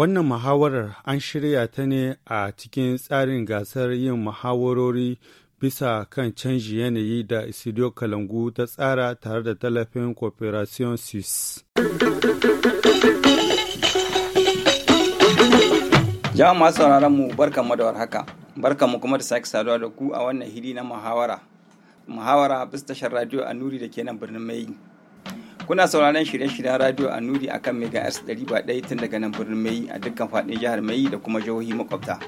Wannan muhawarar an shirya ta ne a cikin tsarin gasar yin muhawarori bisa kan canji yanayi da Isidio Kalangu ta tsara tare da tallafin Cooperation sis Jama'a masu sauraron mu barkanmu da warhaka. Barkanmu kuma da sake saduwa da ku a wannan hili na muhawara. Muhawara bisa tashar radio a nuri da ke nan birnin Mai. Kuna sauraron shirye-shiryen radio a Nuri a kan Mega S daya tun daga nan birnin Mai a dukkan faɗin jihar Mai da kuma jihohi makwabta.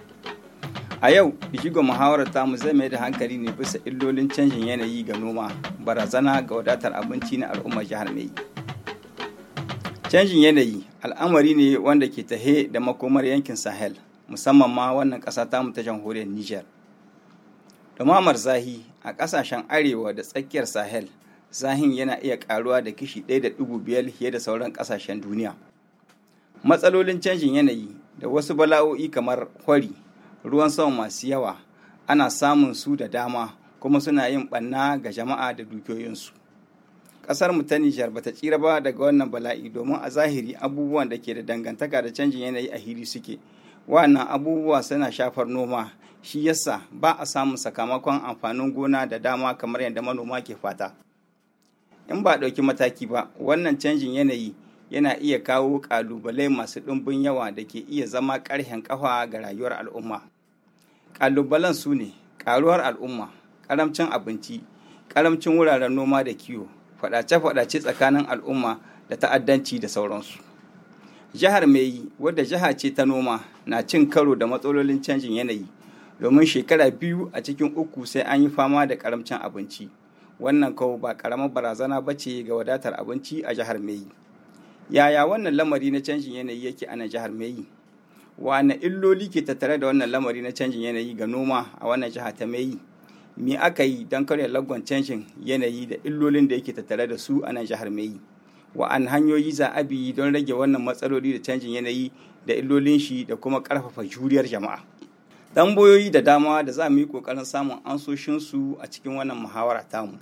A yau, bijigo muhawarar tamu zai mai da hankali ne bisa illolin canjin yanayi ga noma, barazana ga wadatar abinci na al'ummar jihar Mai. Canjin yanayi al'amari ne wanda ke tahe da makomar yankin Sahel, musamman ma wannan ƙasa tamu ta jamhuriyar Nijar. Dumamar zahi a ƙasashen arewa da tsakiyar Sahel zahin yana iya karuwa da kishi ɗaya da biyar fiye da sauran ƙasashen duniya. Matsalolin canjin yanayi da wasu bala'o'i kamar kwari, ruwan sama masu yawa, ana samun su da dama kuma suna yin ɓanna ga jama'a da dukiyoyinsu. Ƙasar mu ta Nijar bata tsira ba daga wannan bala'i domin a zahiri abubuwan da ke da dangantaka da canjin yanayi a hiri suke. Wannan abubuwa suna shafar noma, shi yasa ba a samun sakamakon amfanin gona da dama kamar yadda manoma ke fata. in ba ɗauki mataki ba wannan canjin yanayi yana iya kawo ƙalubale masu ɗumbin yawa da ke iya zama ƙarhen ƙafa ga rayuwar al'umma ƙalubalen su ne ƙaruwar al'umma ƙaramcin abinci ƙaramcin wuraren noma da kiwo faɗace-faɗace tsakanin al'umma da ta'addanci da sauransu jihar mai wadda jiha ce ta noma na cin karo da matsalolin canjin yanayi domin shekara biyu a cikin uku sai an yi fama da ƙaramcin abinci wannan kawo ba karamar barazana ba ce ga wadatar abinci a jihar mai yaya wannan lamari na canjin yanayi yake a jihar mai wane illoli ke tattare da wannan lamari na canjin yanayi ga noma a wannan jiha ta mai me aka yi don karya lagon canjin yanayi da illolin da yake tattare da su a nan jihar mai wa'an hanyoyi za a bi don rage wannan matsaloli da canjin yanayi da illolin shi da kuma karfafa juriyar jama'a tambayoyi da dama da za mu yi ƙoƙarin samun ansoshinsu a cikin wannan muhawara tamu.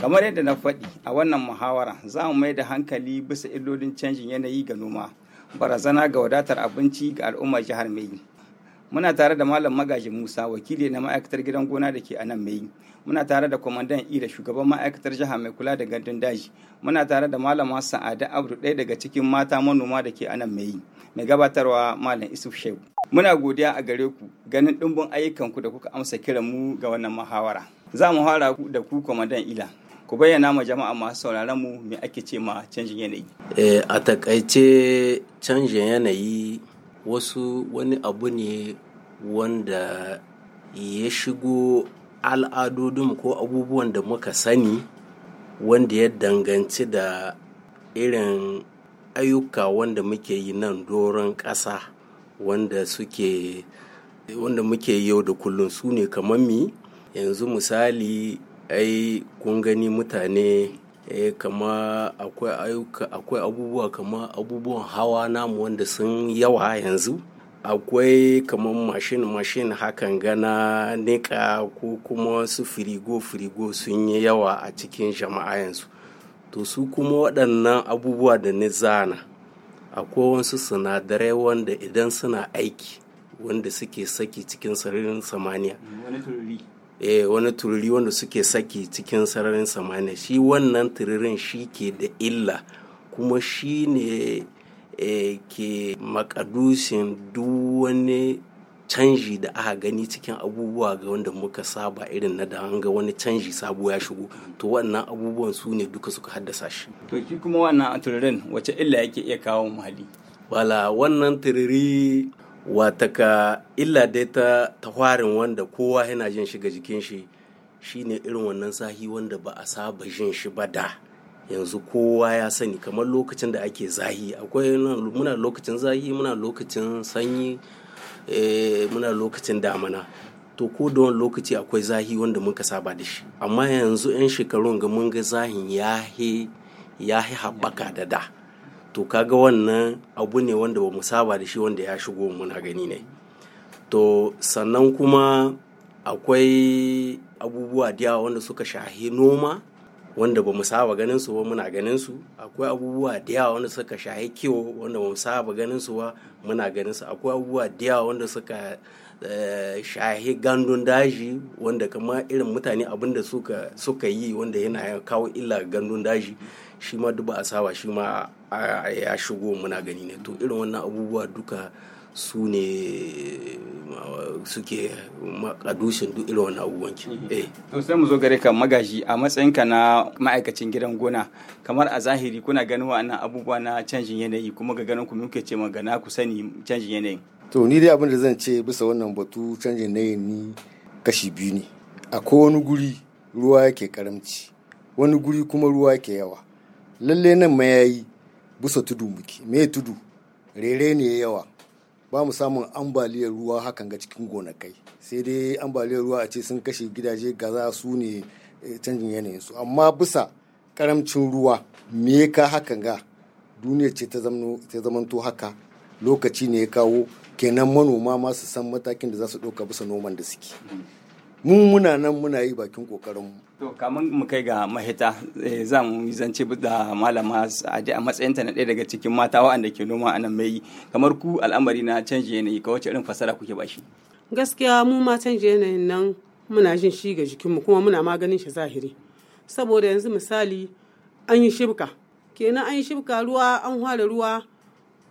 kamar yadda na faɗi a wannan muhawara za mu mai da hankali bisa illolin canjin yanayi ga noma barazana ga wadatar abinci ga al'ummar jihar mai muna tare da malam magaji musa wakili na ma'aikatar gidan gona da ke anan mai muna tare da kwamandan ira shugaban ma'aikatar jiha mai kula da gandun daji muna tare da malama sa'ada abdu ɗaya daga cikin mata manoma da ke anan mai mai gabatarwa malam isuf shehu muna godiya a gare ku ganin ɗimbin ayyukanku da kuka amsa kiran mu ga wannan muhawara za mu fara da ku kwamandan ila ku bayyana ma jama'a masu sauraron mu me ake ce ma canjin yanayi eh, a takaice canjin yanayi wasu wani abu ne wanda ya shigo al'adodin ko abubuwan da muka sani wanda ya danganci da irin ayyuka wanda muke yi nan doron ƙasa wanda suke wanda muke yau da kullum su ne kamar mi yanzu misali ai kun gani mutane eh kama akwai ayyuka akwai abubuwa kama abubuwan hawa namu wanda sun yawa yanzu akwai kamar mashin mashin hakan gana nika ko kuma su firigo firigo sun yi yawa a cikin jama'a yanzu to su kuma waɗannan abubuwa da ni zana akwai wasu sinadarai wanda idan suna aiki wanda suke saki cikin sararin samaniya e wani tururi wanda suke saki cikin sararin samaniya shi wannan tururin shi ke da illa kuma shi ne e ke makadusin duk wani canji da aka gani cikin abubuwa ga wanda muka saba irin na da ga wani canji sabo ya shigo to wannan abubuwan su ne duka suka haddasa shi to shi kuma wannan tururin wace illa yake iya kawo muhalli wala wannan tururi wataka illa dai ta tawarin wanda kowa yana jin shiga jikin shi shine irin wannan sahi wanda ba a saba jin shi ba da yanzu kowa ya sani kamar lokacin da ake zahi akwai muna lokacin zahi muna lokacin sanyi eh, muna lokacin damana to ko da wani lokaci akwai zahi wanda muka saba da shi amma yanzu 'yan shekarun ga mun ga zahin ya haɓaka da da to kaga wannan abu ne wanda ba mu saba da shi wanda ya shigo muna gani ne to sannan kuma akwai abubuwa da yawa wanda suka shahi noma wanda ba mu saba ganin su ba muna ganin su akwai abubuwa da yawa wanda suka shahi kiwo wanda ba mu saba ganin su ba muna ganin su akwai abubuwa da yawa wanda suka eh, shahi gandun daji wanda kama irin mutane abinda suka yi wanda yana kawo illa gandun daji shi ma duba a sawa shi ma ya shigo muna gani ne to irin wannan abubuwa duka su ne suke makadushin duk irin wannan abubuwan ki mhm. eh sai mu zo gare ka magaji a matsayinka na ma'aikacin gidan gona kamar a zahiri kuna ganin wannan abubuwa na canjin yanayi kuma ga ganin ku muke ce magana ku sani canjin yanayi to ni dai abin da zan ce bisa wannan batu canjin yanayi ni kashi biyu ne a wani guri ruwa yake karamci wani guri kuma ruwa yake yawa lalle nan ma yayi busa tudu muke me tudu rere ne yawa ba mu samun ambaliyar ruwa hakan ga cikin gonakai sai dai ambaliyar ruwa a ce sun kashe gidaje gaza su ne eh, canjin yanayin su amma busa karamcin ruwa me ka hakan ga duniya ce ta zamanto haka lokaci ne ya kawo kenan manoma masu san matakin da za su ɗauka busa noman da suke mu muna nan muna yi bakin kokarin mu to kamar mu kai ga mahita eh, za mu yi zance da malama sa'adi a ta na ɗaya daga cikin mata wa'anda ke noma a nan mai kamar ku al'amari na canji yanayi ka wacce irin fasara kuke bashi gaskiya mu ma canji yanayin nan muna jin shi ga jikinmu kuma muna maganin shi zahiri saboda yanzu misali an yi shibka kenan an yi shibka ruwa an hwara ruwa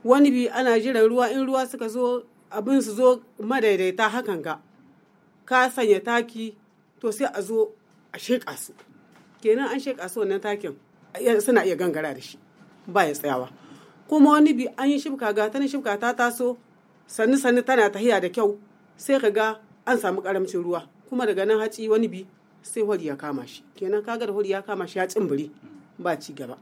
wani bi ana jiran ruwa in ruwa suka zo abin su zo madaidaita hakan ga ka sanya taki to sai a zo a sheƙa su kenan an sheƙa su wannan takin suna iya gangara da shi ba ya tsayawa kuma wani bi an yi shibka ga ta shibka ta taso sannu sannu tana tahiya da kyau sai ka ga an samu karamcin ruwa kuma daga nan haci wani bi sai hori ya kama shi kenan kaga da hori ya kama shi ya tsimbiri ba ci gaba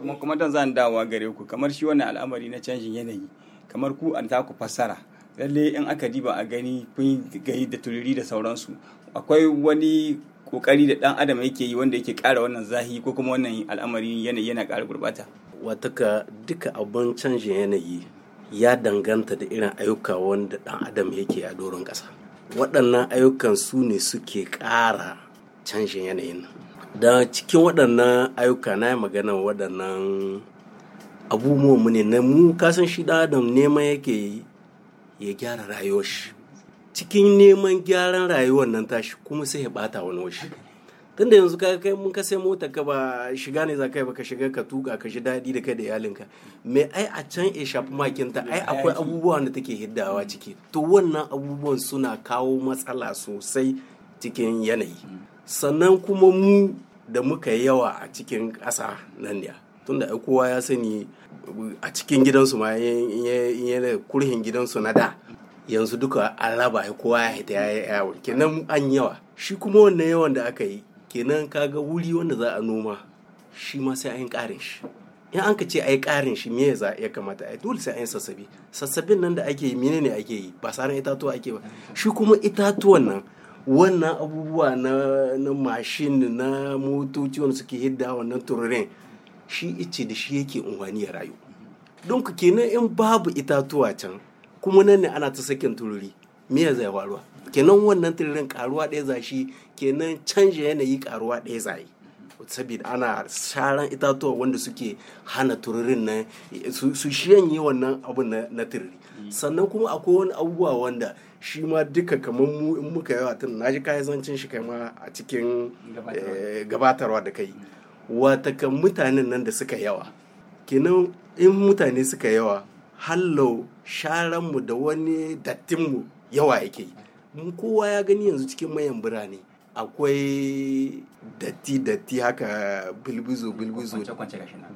kuma kuma dan zan dawowa gare ku kamar shi wannan al'amari na canjin yanayi kamar ku an ta ku fassara lalle in aka diba a gani kun gayi da tururi da sauransu akwai wani kokari da dan adam yake yi wanda yake kara wannan zahi ko kuma wannan al'amari yanayi yana kara gurbata wataka duka abun canjin yanayi ya danganta da irin ayyuka wanda dan adam yake a doron kasa. waɗannan ayyukan su ne suke ƙara canjin yanayin da cikin waɗannan ayyuka na magana waɗannan abubuwan ne na mu kasan shi da adam neman yake yi. ya gyara rayuwar shi cikin neman gyaran rayuwar nan tashi kuma sai ya bata wani washi tunda yanzu ka kai mun ka mota ka ba shiga ne za ka yi ba ka shiga ka tuka ka shi daɗi da kai da iyalinka mai ai a can e shafi makinta ai akwai abubuwan da take hiddawa ciki to wannan abubuwan suna kawo matsala sosai cikin yanayi sannan kuma mu da muka yawa a cikin ƙasa nan ne tunda kowa ya sani a cikin gidansu ma yana kurhin gidansu na da yanzu duka alaba ya kowa ya haita ya kenan an yawa shi kuma wannan yawan da aka yi kenan kaga wuri wanda za a noma shi ma sai an karin shi in an ka ce ai karin shi me za ya kamata ai dole sai an sassabe sassabin nan da ake yi ne ake yi ba saran itatuwa ake ba shi kuma itatuwan nan wannan abubuwa na mashin na motoci wanda suke hidda wannan tururin shi ice da shi yake unwani ya rayu don ku kenan in babu itatuwa can kuma nan ne ana ta sakin tururi me ya zai waruwa kenan wannan tururin karuwa ɗaya za shi kenan canja yanayi karuwa ɗaya za yi saboda ana sharan itatuwa wanda suke hana tururin nan su shanye wannan abun na tururi sannan kuma akwai wani abubuwa wanda shi ma duka kamar mu in muka yawa tun na ji kayan zancen shi kai ma a cikin gabatarwa eh, da kai watakan mutanen nan da suka yawa kenan in mutane suka yawa hallau sharanmu da wani dattinmu yawa yake kowa ya gani yanzu cikin mayan birane akwai datti-datti haka bilbizo-bilbizo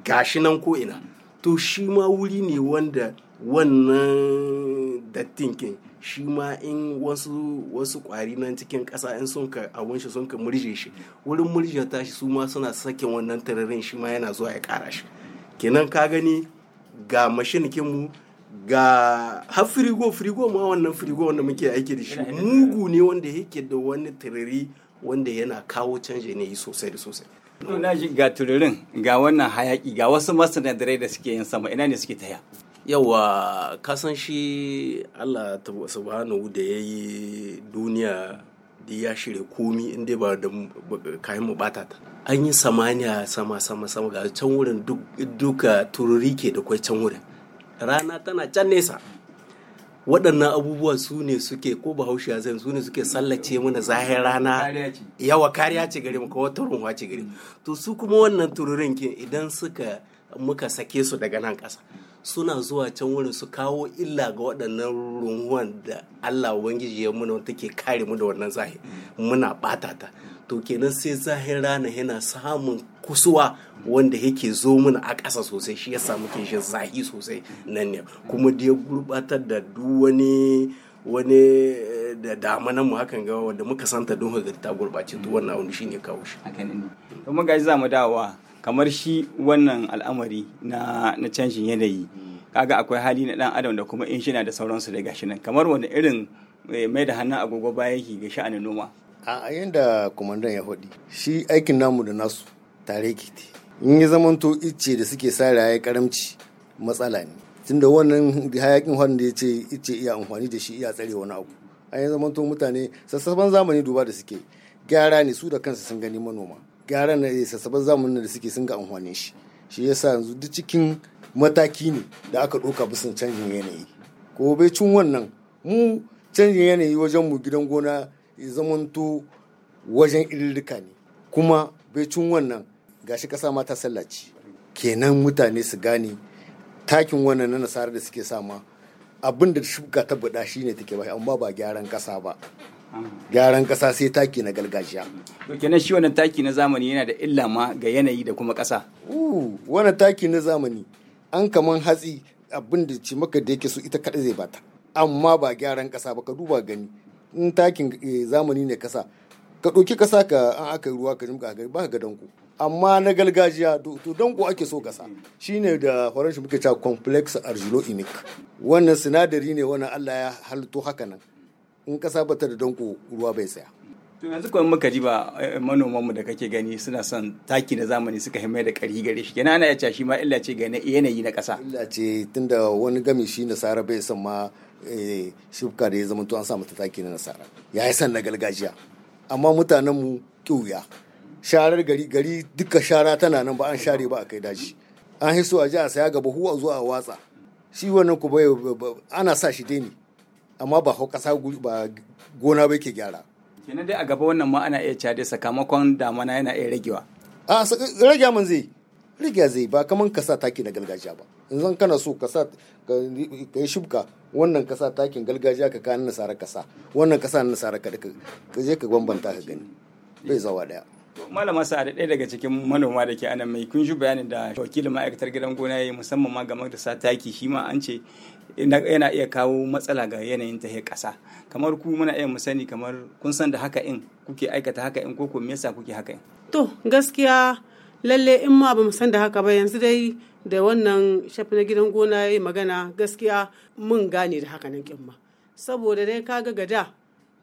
gashi nan ko'ina to shi ma wuri ne wanda wannan dattinkin shi ma in wasu wasu kwari nan cikin kasa in sun ka abun shi sun ka murje shi wurin murje ta shi su ma suna sakin wannan tararin shi ma yana zuwa ya ƙara shi kenan ka gani ga mashinikin mu ga har firigo firigo ma wannan firigo wanda muke aiki da shi mugu ne wanda yake da wani tarari wanda yana kawo canje ne sosai da sosai na ji ga tururin ga wannan hayaki ga wasu masanadarai da suke yin sama ina ne suke taya yawa kasan shi allah subhanahu da ya yi duniya da ya shirya komi inda ba da kayan mu bata an yi samaniya sama sama sama ga can wurin duka tururi ke da kwai can wurin rana tana can nesa waɗannan abubuwa su ne suke ko bahaushe ya zai su ne suke sallace mana zahir rana yawa kariya ce gare mu ko turunwa ce gare to su kuma wannan tururin ke idan suka muka sake su daga nan ƙasa suna zuwa can wurin su kawo illa ga waɗannan runhuwan da Allah Ubangiji ya muna wata ke kare mu da wannan zahir muna ɓata ta to kenan sai zahir rana yana samun kusuwa wanda yake zo mana a ƙasa sosai shi ya samu kishin zahi sosai nan ne kuma da ya gurbatar da duk wani wani eh, da damanan mu hakan ga wanda muka santa don ta gurbace duk wannan abu shine kawo shi. To mun ga za mu dawowa kamar shi wannan al'amari na na canjin yanayi kaga akwai hali na dan adam da kuma injina da sauransu da gashi nan kamar wani irin eh, mai da hannun agogo baya yake ga sha'anin noma a yanda kwamandan ya faɗi shi aikin namu da nasu tare ke in ya zamanto icce da suke sa ya karamci matsala ne tunda wannan hayakin wanda ya ce icce iya amfani da shi iya tsare wani abu a yanzu zamanto mutane sassaban zamani duba da suke gyara ne su da kansu sun gani manoma gyaran na sassaban zamanin da suke sun ga amfani shi shi yasa yanzu duk cikin mataki ne da aka ɗauka bisa canjin yanayi ko bai cin wannan mu canjin yanayi wajen mu gidan gona ya zamanto wajen irirrika ne kuma bai cin wannan gashi ƙasa ma ta sallaci kenan mutane su gane takin wannan na nasarar da suke sama abin da shuka ta shine take ba amma ba gyaran kasa ba gyaran ƙasa sai taki na gargajiya to na shi wannan taki na zamani yana da illa ma ga yanayi da kuma ƙasa wannan taki na zamani an kaman hatsi abin da ce maka da yake so ita kaɗai zai bata amma ba gyaran ƙasa ba ka duba gani in takin eh, zamani ne kasa ka ɗauki kasa ka an aka ruwa ka jimka gari ba ga danko amma na gargajiya to danko ake so kasa ne da faransa shi muke cewa complex inic. wannan sinadari ne wannan Allah ya halitto haka nan in ƙasa ba ta da danko ruwa bai saya. to yanzu kuma muka ji ba eh, eh, manomanmu da kake gani suna son taki na zamani suka himmai da ƙari gare shi kenan ana yace shi ma illa ce ga yanayi na ƙasa. illa ce tunda wani gami shi nasara bai san ma eh, shuka da ya zama an sa mata taki na nasara ya yi san na gargajiya amma mutanenmu ƙiwuya sharar gari gari duka shara tana nan ba an share ba a kai daji an hiso a ji a saya gaba huwa zuwa a watsa shi wannan ku ana sa shi dai amma ba hau ba gona ba ke gyara kenan dai a gaba wannan ma ana iya cade sakamakon damana yana iya ragewa a rage man zai rage zai ba kaman kasa taki na gargajiya ba zan kana so ka ka yi shubka wannan kasa takin gargajiya ka kanin nasara kasa wannan kasa na nasara ka ka je ka bambanta ka gani bai zawa daya malama da ɗaya daga cikin manoma da ke anan mai kun shi bayanin da wakilin ma'aikatar gidan gona ya yi musamman ma game da sa taki shi ma an ce yana iya kawo matsala ga yanayin ta ƙasa kamar ku muna iya mu sani kamar kun san da haka in kuke aikata haka in ko me yasa kuke haka in to gaskiya lalle in ma ba san da haka ba yanzu dai da wannan shafi na gidan gona yayi magana gaskiya mun gane da haka nan kin ma saboda dai kaga gada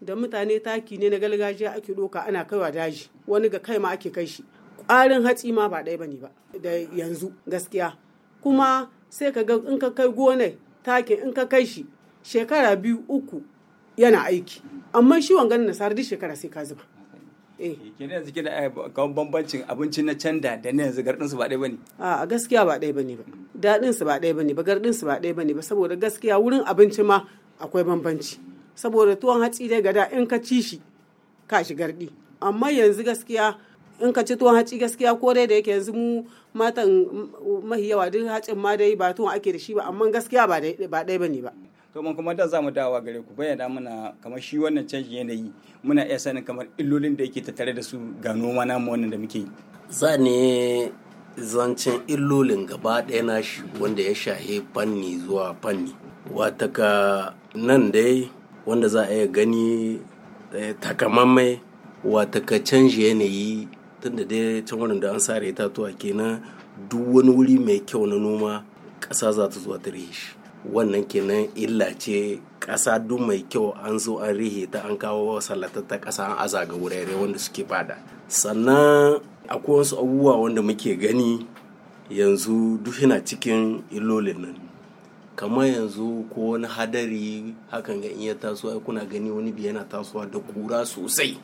da mutane taki ne na gargajiya ake doka ana kaiwa daji wani ga kai ma ake kai shi ƙwarin hatsi ma ba ɗaya bane ba da yanzu gaskiya kuma sai ka ga in ka kai gonai takin in ka kai shi shekara biyu uku yana aiki amma shi wangan nasarar duk shekara sai ka zuba eh. ne yanzu kina kawo eh, bambancin abinci na canda da na yanzu gardin su ba ɗaya bane a gaskiya ba ɗaya bane ba daɗin su ba ɗaya bane ba gardin su ba ɗaya bane ba saboda gaskiya wurin abinci ma akwai bambanci saboda tuwon hatsi dai gada in ka ci shi ka shi gardi amma yanzu gaskiya in ka ci tuwon haci gaskiya ko dai da yake yanzu mu matan mahi yawa duk hacin ma dai ba tuwon ake da shi ba amma gaskiya ba dai ba ne ba. to mun kuma da zamu dawa gare ku bayyana muna kamar shi wannan canjin yanayi muna iya sanin kamar illolin da yake tattare da su ga noma namu wannan da muke yi. za ne zancen illolin gaba ɗaya na shi wanda ya shahe fanni zuwa fanni wataka nan dai wanda za a iya gani eh, takamammai wataka canji yanayi tunda dai can wurin da an sare itatuwa kenan duk wani wuri mai kyau na noma ƙasa za ta zuwa ta rihe shi wannan kenan illa ce ƙasa duk mai kyau an zo an rihe ta an kawo salatata ƙasa an aza ga wurare wanda suke bada sannan akwai wasu abubuwa wanda muke gani yanzu duk yana cikin illolin nan kamar yanzu ko wani hadari hakan ga iya tasowa kuna gani wani biya yana tasowa da kura sosai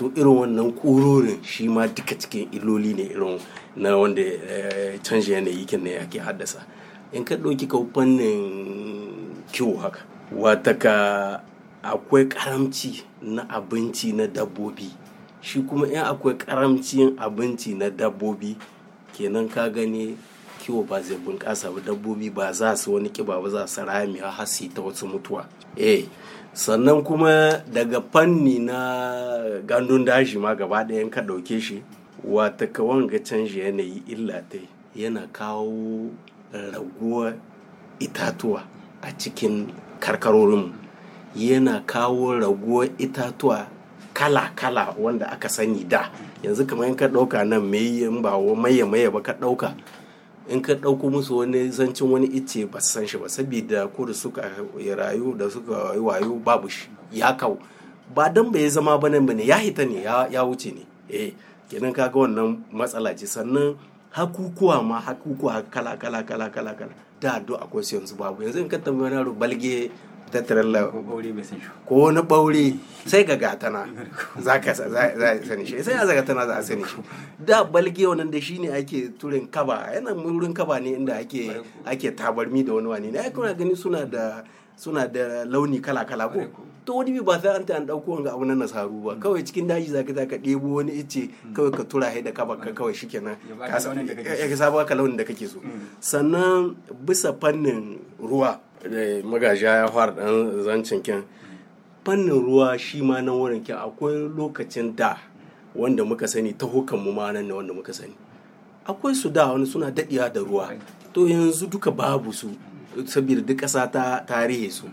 to irin wannan ƙurorin shi ma duka cikin iloli ne irin na wanda eh, canji yanayi kin ne ake haddasa in ka ɗauki ka fannin kiwo haka wata ka akwai karamci na abinci na dabbobi shi kuma in akwai karamcin abinci na dabbobi kenan ka gani kiwo ba zai bunƙasa ba dabbobi ba za su wani kiba ba za su rami a hasi ta wasu mutuwa eh sannan kuma daga fanni na gandun daji ma gaba ɗayan ka ɗauke shi wata kawan ga canji yanayi illa ta yana kawo raguwa itatuwa a cikin karkarorin yana kawo raguwa itatuwa kala-kala wanda aka sani da yanzu kamar ka ɗauka nan mai ba maye maye ba ka ɗauka in ka ɗauko musu wani zancin wani icce ba san shi ba saboda ko da suka rayu da suka wayo babu shi ya kawo ba dan bai zama ba nan bane ya hita ne ya wuce ne eh kenan kaga wannan matsala ce sannan hakukuwa ma hakukuwa kala kala kala kala kala da do akwai su yanzu babu yanzu in ka tambaye yaro balge tattarar ko wani ɓaure sai ga gatana za ka sani shi sai a zaga tana za a sani shi da balge wannan da shi ne ake turin kaba yana murin kaba ne inda ake ake tabarmi da wani wani ne ai kuna gani suna da suna da launi kala kala ko to wani bi ba sai an ta an dauko wanga abu na nasaru ba kawai cikin daji zaka zaka debo wani ice kawai ka tura hai da kaba ka kawai shikenan ka saba ka launin da kake so sannan bisa fannin ruwa magajiya ya fara dan zancen kin fannin ruwa shi ma nan wurin kin akwai lokacin da wanda muka sani ta mu ma nan ne wanda muka sani akwai su da wani suna daɗiya da ruwa to yanzu duka babu su saboda duk ƙasa ta tarihi su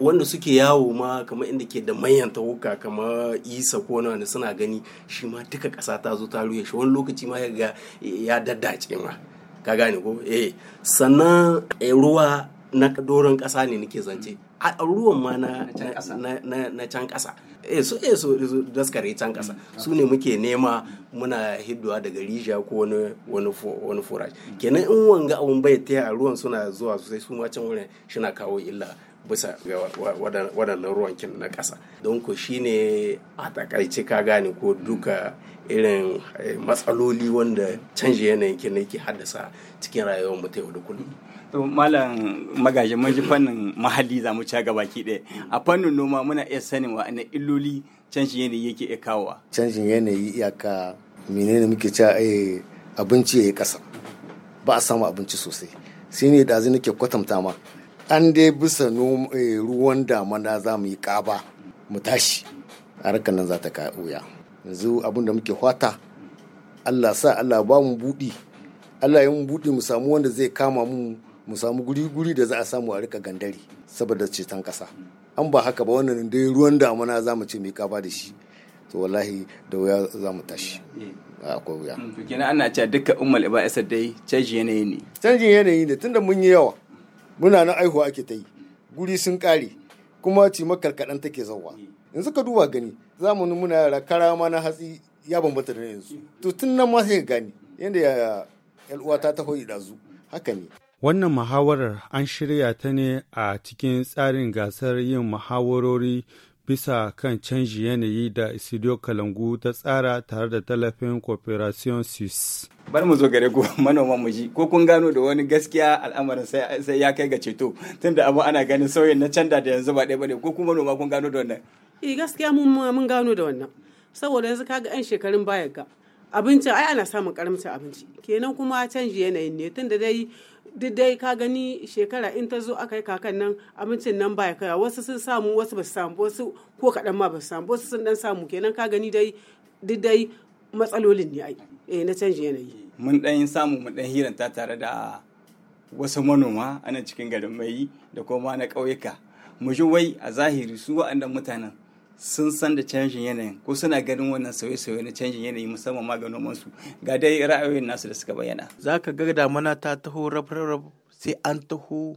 wanda suke yawo ma kamar inda ke da manyan tawuka kamar isa ko na suna gani shi ma duka ƙasa ta zo ta ruye shi wani lokaci ma ya daddace ma ka gane ko eh sannan eh, ruwa na doron ƙasa ne nake zance a ruwan ma na can ƙasa eh su eh su daskare can ƙasa mm. su ne muke nema muna hidduwa daga rijiya ko wani wani kenan in wanga abun bai ta a ruwan suna zuwa sosai su ma wurin shina kawo illa bisa ga waɗannan ruwankin na ƙasa don ku shi ne a takaice ka gane ko duka irin eh, matsaloli wanda canji yanayin ke haddasa cikin rayuwar mu ta yau da kullum to malam magaji mun ji fannin mahalli za mu ci gaba ɗaya a fannin noma muna iya sanin wa na illoli canjin yanayi yake iya canjin yanayi iyaka menene muke cewa eh, abinci ya yi ƙasa ba a samu abinci sosai sai ne da nake kwatanta ma an dai bisa eh, ruwan damana za mu yi ƙaba mu tashi harkar nan za ta ka wuya yanzu abin da muke fata allah sa allah ba mu buɗi allah yi mu buɗi mu samu wanda zai kama mu mu samu guri-guri da za a samu a rika gandari saboda ceton kasa an ba haka ba wannan dai ruwan damuna za mu ce mai kafa da shi to wallahi da wuya za mu tashi eh. akwai wuya to kenan ana cewa dukkan ummal iba isa dai canjin yanayi ne canjin yanayi ne tunda mun yi yawa muna nan aihuwa ake ta yi guri sun kare kuma ci makarkadan take zauwa in suka duba gani zamanin muna yara karama na hatsi ya bambanta da yanzu to tun nan ma sai ka gani yadda ya uwata ta hoyi ɗazu haka ne Wannan muhawarar an shirya ta ne a cikin tsarin gasar yin muhawarori bisa kan canji yanayi da Isidio Kalangu ta tsara tare da tallafin Cooperation Sis. Bar mu zo gare ku manoma mu ji ko kun gano da wani gaskiya al'amarin sai ya kai ga ceto tunda abu ana ganin sauyin na canda da yanzu ba ɗaya ne ko kuma manoma kun gano da wannan. Eh gaskiya mun mun gano da wannan saboda yanzu kaga 'yan shekarun baya ga abinci ai ana samun karamcin abinci kenan kuma canji yanayin ne tunda dai duk dai ka gani shekara in ta zo aka yi kakan nan abincin nan ba ya kaya wasu sun samu wasu ba su samu wasu ko kaɗan ma ba su samu wasu sun dan samu kenan ka gani dai duk dai matsalolin ne ai eh na canjin yanayi mun dan samu mun dan hiranta tare da wasu manoma ana cikin garin mai da kuma na ƙauyuka mu ji wai a zahiri su waɗannan mutanen sun san da canjin yanayin ko suna ganin wannan sauye-sauye na canjin yanayi musamman ma ga ga dai ra'ayoyin nasu da suka bayyana za ka ga mana ta taho rab sai an taho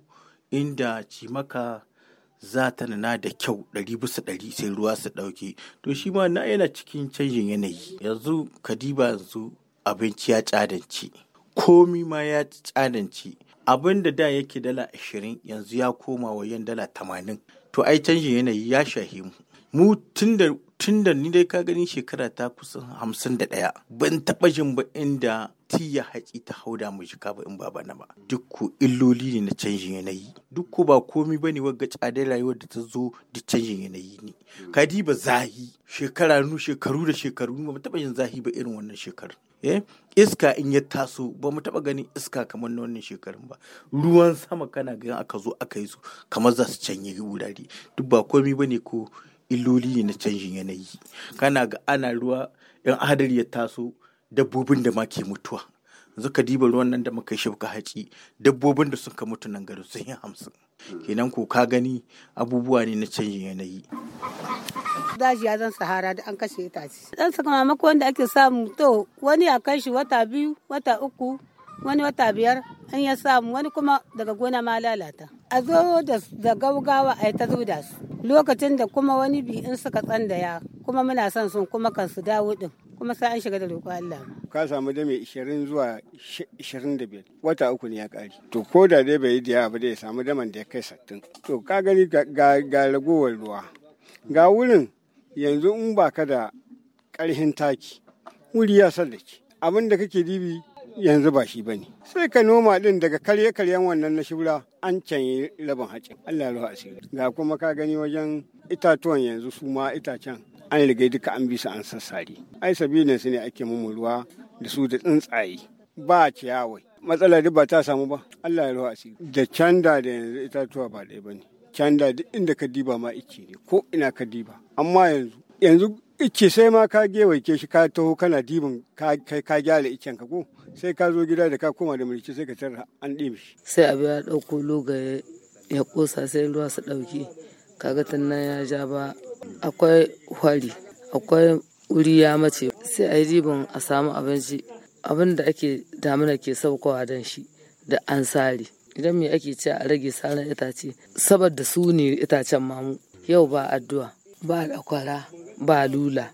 inda cimaka za ta na da kyau ɗari bisa ɗari sai ruwa su ɗauke to shi ma na yana cikin canjin yanayi yanzu kadiba yanzu abinci ya tsadanci komi ma ya tsadanci abin da da yake dala ashirin yanzu ya koma wa 'yan dala tamanin to ai canjin yanayi ya shahimu mu mu tunda tunda ni dai ka gani shekara ta kusan hamsin da ɗaya ban taɓa jin ba inda tiya haƙi ta hauda mu jika ba in baba na ba dukku illoli ne na canjin yanayi dukku ba komi ba ne wagga rayuwar da ta zo da canjin yanayi ne kadi ba zahi shekara nu shekaru da shekaru ba taɓa jin zahi ba irin wannan shekaru eh, iska in ya taso ba mu taɓa ganin iska kamar na wannan shekarun ba ruwan sama kana ganin aka zo aka yi su kamar za su canye wurare duk ba komi bane ko illoli ne na canjin yanayi kana ga ana ruwa yan hadari ya taso dabbobin da ma ke mutuwa zuka diba ruwan nan da muka shi ka haci dabbobin da suka mutu nan garin sun yi hamsin kenan ko ka gani abubuwa ne na canjin yanayi daji ya zan sahara da an kashe ce dan sakamako wanda ake samu to wani a kai shi wata biyu wata uku wani wata biyar in ya samu wani kuma daga gona ma lalata a zo da gaugawa a ta zo da su lokacin da kuma wani bi in suka tsandaya kuma muna son sun kuma kan su dawo din kuma sai an shiga da roƙo Allah ka samu da mai 20 zuwa 25 wata uku ne ya kare to ko da dai bai yi da ba dai samu daman da ya kai 60 to ka gani ga ragowar ruwa ga wurin yanzu in ba ka da karhin taki wuri ya sallake abin da kake dibi yanzu ba shi bane sai ka noma din daga karye karyen wannan na shura an canyi rabin hacin Allah ya asiri ga kuma ka gani wajen itatuwan yanzu su ma itacen an riga duka an bisa an sassare ai sabilin su ne ake mumuruwa da su da tsuntsaye ba ciyawai matsala duk ba ta samu ba Allah ya asiri da canda da yanzu itatuwa ba ɗaya ne. canda duk inda ka diba ma ice ne ko ina ka diba amma yanzu yanzu Ike sai ma ka gewake shi ka taho kana dibin ka gyara iken ka ko sai ka zo gida da ka koma da mulki sai ka tarra an ɗebe shi. Sai abu ya ɗauko loga ya kosa sai ruwa su ɗauki kaga nan ya ja ba akwai hwari akwai wuri ya mace sai a yi dibin a samu abinci abin da ake damuna ke saukowa don shi da an sare idan me ake ce a rage saran itace saboda su ne itacen mamu yau ba addu'a ba kwara ba lula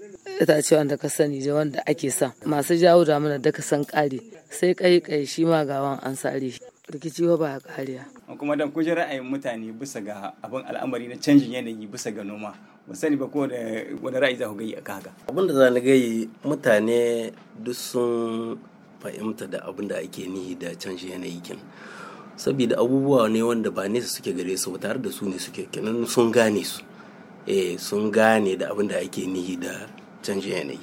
ce wanda ka sani da wanda ake sa masu jawo da mana da ka san kare sai kai kai shi ma gawan an sare shi rikici ba kariya kuma dan kun ji ra'ayin mutane bisa ga abin al'amari na canjin yanayi bisa ga noma ba sani ba ko da wani ra'ayi za ku gayi a kaga abin da zan gayi mutane duk sun fahimta da abin da ake nihi da canjin yanayi kin saboda abubuwa ne wanda ba nesa suke gare su ba tare da su ne suke kenan sun gane su eh sun gane da abin da ake nihi da canjin yanayi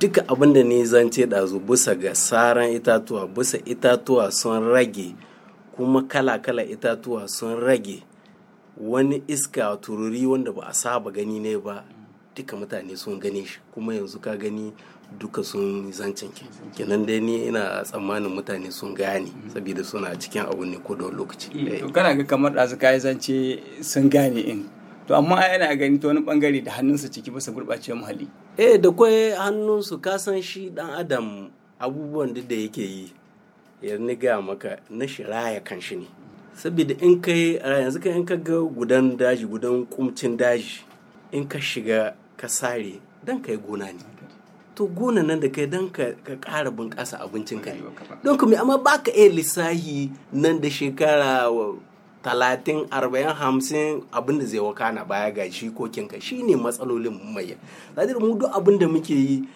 duka abin da ni da ɗazu bisa ga saran itatuwa bisa itatuwa sun rage kuma kala-kala itatuwa sun rage wani iska tururi wanda ba a saba gani ne ba duka mutane sun gane shi kuma yanzu ka gani duka sun zancen kenan dai ni ina tsammanin mutane sun gane saboda suna cikin abu ne ko da lokaci. Eh, kana ga kamar ɗazu ka zance sun gane in to amma yana gani ta wani bangare da hannunsa ciki ba su gurɓace muhalli eh da kwai hannunsu ka san shi dan adam abubuwan da da yake yi ya niga maka na shi raya kan shi ne saboda in kai yanzu ka in ka ga gudan daji gudan kumcin daji in ka shiga ka sare dan kai gona ne to gona nan da kai dan ka ƙara bunƙasa abincin ka ne don kuma amma baka iya lissahi nan da shekara talatin arba'in hamsin abin da zai na baya ga shi ko kinka shi ne matsalolin mai zadir mu duk abin da muke yi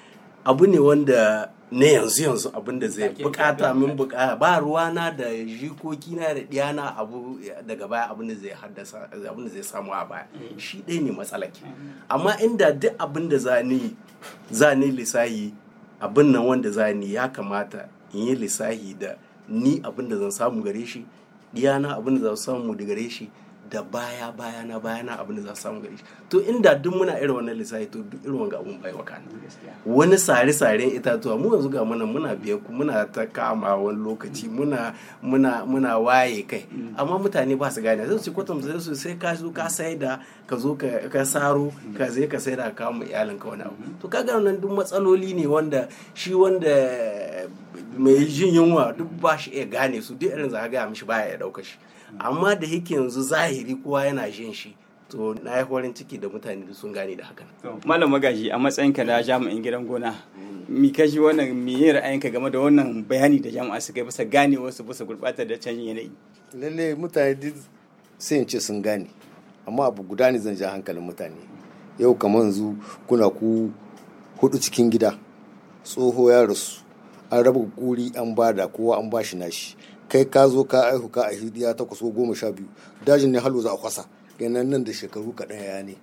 abu ne wanda na yanzu yanzu abin da zai bukata min bukata ba ruwana da jikoki na da diyana abu daga baya abin da zai haddasa abin da zai samu a baya mm. shi dai ne matsalaki mm. amma inda duk abin da zani zani lissahi abin nan wanda zani ya kamata in yi lissahi da ni abin da zan samu gare shi diyana abin da za su samu da gare shi da baya baya na baya na abin da za samu gari to inda duk muna irin wannan lissafi to duk irin wanga abun bai waka wani sare saren itatuwa mu yanzu ga muna muna biye ku muna ta kama wani lokaci muna muna muna waye kai mm. amma mutane ba su gane zai su kwatam su sai ka zo ka sai da ka zo ka saro mm. ka zai ka sai da ka mu iyalin ka wani abu mm-hmm. to kaga wannan duk matsaloli ne wanda shi wanda mai jin yunwa duk ba shi iya gane su duk irin za ka gaya mishi baya ya ɗauka shi amma da yake yanzu zahiri kowa yana jin shi to na yi horin ciki da mutane da sun gane da hakan. malam magaji a matsayin ka na jami'in gidan gona mi ka ji wannan mi yin ra'ayinka game da wannan bayani da jami'a su kai bisa gane wasu bisa gurbatar da canjin yanayi. lalle mutane duk sai in ce sun gane amma abu guda ne zan ja hankalin mutane yau kamar yanzu kuna ku hudu cikin gida tsoho ya rasu an raba kuri an bada kowa an bashi nashi kai ka zo ka aihu ka a hidiya takwas ko goma sha biyu dajin ne halo za a kwasa kenan nan da shekaru kaɗan ya ne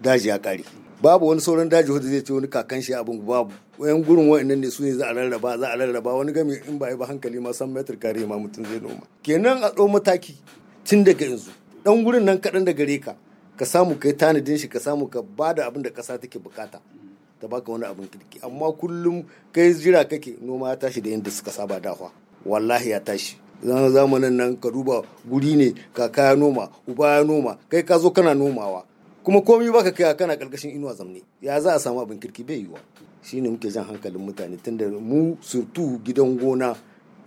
daji ya ƙare babu wani sauran daji wanda zai ce wani kakan shi abin babu wayan gurin wa'annan ne su ne za a rarraba za a rarraba wani gami in ba yi ba hankali ma san metar kare ma mutum zai noma kenan a ɗau mataki tun daga yanzu dan gurin nan kaɗan da gare ka ka samu kai tanadin shi ka samu ka ba da abin da ƙasa take bukata ta baka wani abin kirki amma kullum kai jira kake noma ya tashi da yadda suka saba dahwa wallahi ya tashi zan zamanin nan ka duba guri ne kaka ya noma uba ya noma kai ka zo kana nomawa kuma komai baka kai kana karkashin inuwa zamne ya za a samu abin kirki bai yiwa shine muke jan hankalin mutane tunda mu surtu gidan gona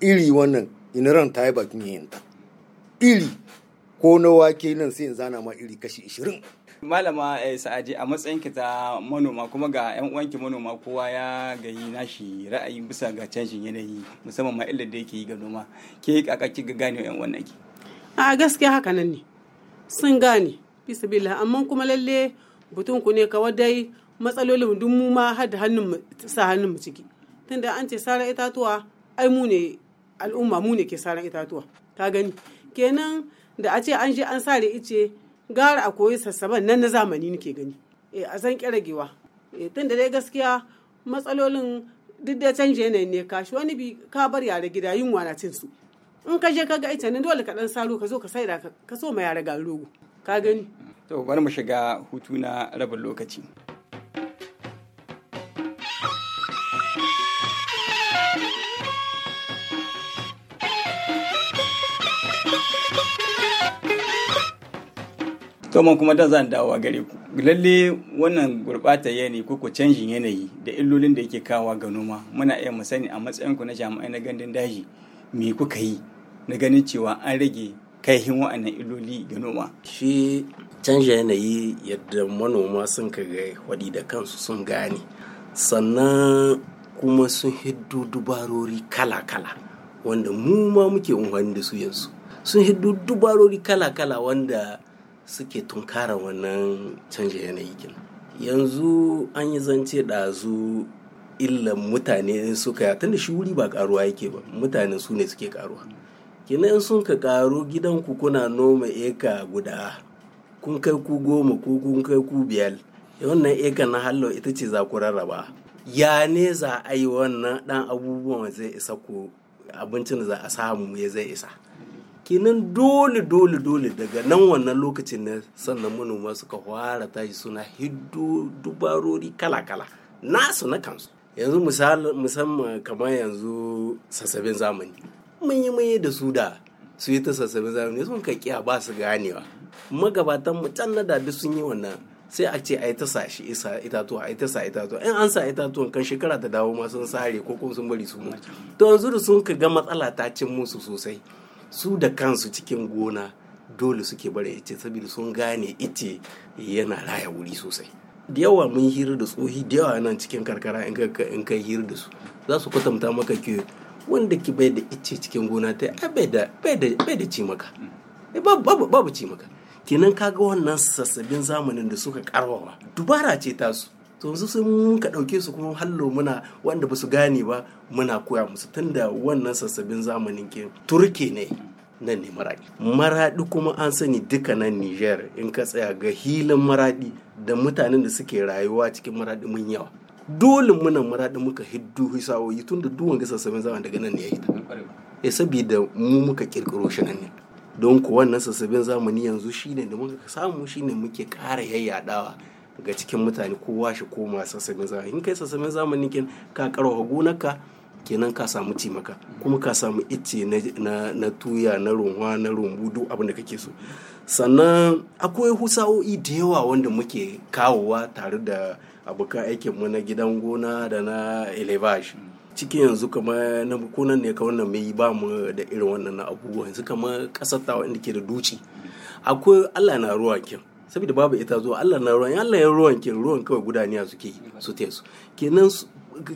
iri wannan ran ta yi bakin ta. iri ko na wake nan sai in zana ma iri kashi ishirin Malama eh, sa'aji a matsayinki ta manoma kuma ga 'yan uwanki manoma kowa ya gayi nashi ra'ayi bisa ga canjin yanayi musamman ma illar da yake yi ga noma. Ke kakaki ga gane 'yan uwan naki? A gaskiya haka nan ne. Sun gane bisa amma kuma lalle butun ku ne kawai dai matsalolin dun mu ma har da hannun sa hannun mu ciki. Tunda an ce sara itatuwa ai mu ne al'umma mu ne ke sara itatuwa. Ta gani. Kenan da a ce an je an sare ice gara a koyi sassaban nan na zamani nake gani e a san kiragewa e eh, tun da dai gaskiya matsalolin duk da canje yanayi ne ka wani bi ka bar yara gida yin na cin su in ka je ka ga ita ne dole ka dan saro ka zo ka ka so ma yara garin rogo ka gani to bari mu shiga hutu na rabin lokaci Toman kuma da zan dawo gare ku. Lalle wannan gurɓatar yanayi ko ko canjin yanayi da illolin da yake kawo ga noma muna iya mu sani a matsayin ku na jami'ai na gandun daji me kuka yi na ganin cewa an rage kaihin wa'annan illoli ga noma. Shi canjin yanayi yadda manoma sun ka ga wadi da kansu sun gane sannan kuma sun hiddu dubarori kala-kala wanda mu ma muke umarni da su yanzu sun hiddu dubarori kala-kala wanda suke tunkara wannan canja yanayi gina. yanzu an yi zance ɗazu illan mutane suka ya tunda shi wuri ba karuwa yake ba mutane su ne suke karuwa kenan sun ka karu gidanku kuna noma eka guda kun kai ku goma ko kun kai ku biyar wannan eka na hallo ita ce za ku rarraba ya ne za a yi wannan dan abubuwan zai isa ku abincin da za a samu ya zai isa kinin dole dole dole daga nan wannan lokacin na sannan manoma suka fara tashi suna hiddo dubarori kala-kala nasu na kansu yanzu musamman kamar yanzu sassabin zamani mun yi da su da su yi ta sassabin zamani sun kai kiya ba su ganewa magabatan mu can na duk sun yi wannan sai a ce a yi ta sa shi isa itatuwa a yi ta sa itatuwa in an sa itatuwan kan shekara ta dawo ma sun sare ko kuma sun bari su mutu to yanzu da sun ka ga matsala ta cin musu sosai su da kansu cikin gona dole suke bare ice saboda sun gane ice yana raya wuri sosai da yawa mun hira da tsohi da yawa nan cikin karkara in kai hira da su za su kwatanta maka ke wanda ki bai da ice cikin gona ta bai da bai eh, babu ci maka kenan kaga wannan sassabin zamanin da suka karwawa dubara ce tasu to yanzu sun ka ɗauke su kuma hallo muna wanda ba su gane ba muna koya musu tunda wannan sassabin zamanin ke turke ne nan ne maraɗi maraɗi kuma an sani duka nan niger in ka tsaya ga hilin maraɗi da mutanen da suke rayuwa cikin maraɗi mun yawa dole muna maraɗi muka hiddu hisawoyi tun da duwan ga sassabin zaman daga nan ne ya hita ya eh, sabida mu muka kirkiro shi nan ne don ku wannan sassabin zamani yanzu shine da muka samu shine muke ƙara yayyadawa ga cikin mutane kowa shi koma sassamin zamani in kai sassamin zamani kin ka karwa gonarka kenan ka samu cimaka kuma ka samu ice na, tuya na runwa na rumbu duk abin da kake so sannan akwai husa'o'i da yawa wanda muke kawowa tare da abokan mu na gidan gona da na elevage Cikin yanzu kama na bukunan ne ka wannan mai ba mu da irin wannan abubuwa yanzu kama kasar tawa inda ke da duci akwai allah na ruwa kyau saboda babu ita zuwa Allah na ruwan Allah ya ruwan ke ruwan kawai gudaniya suke yi su te su kenan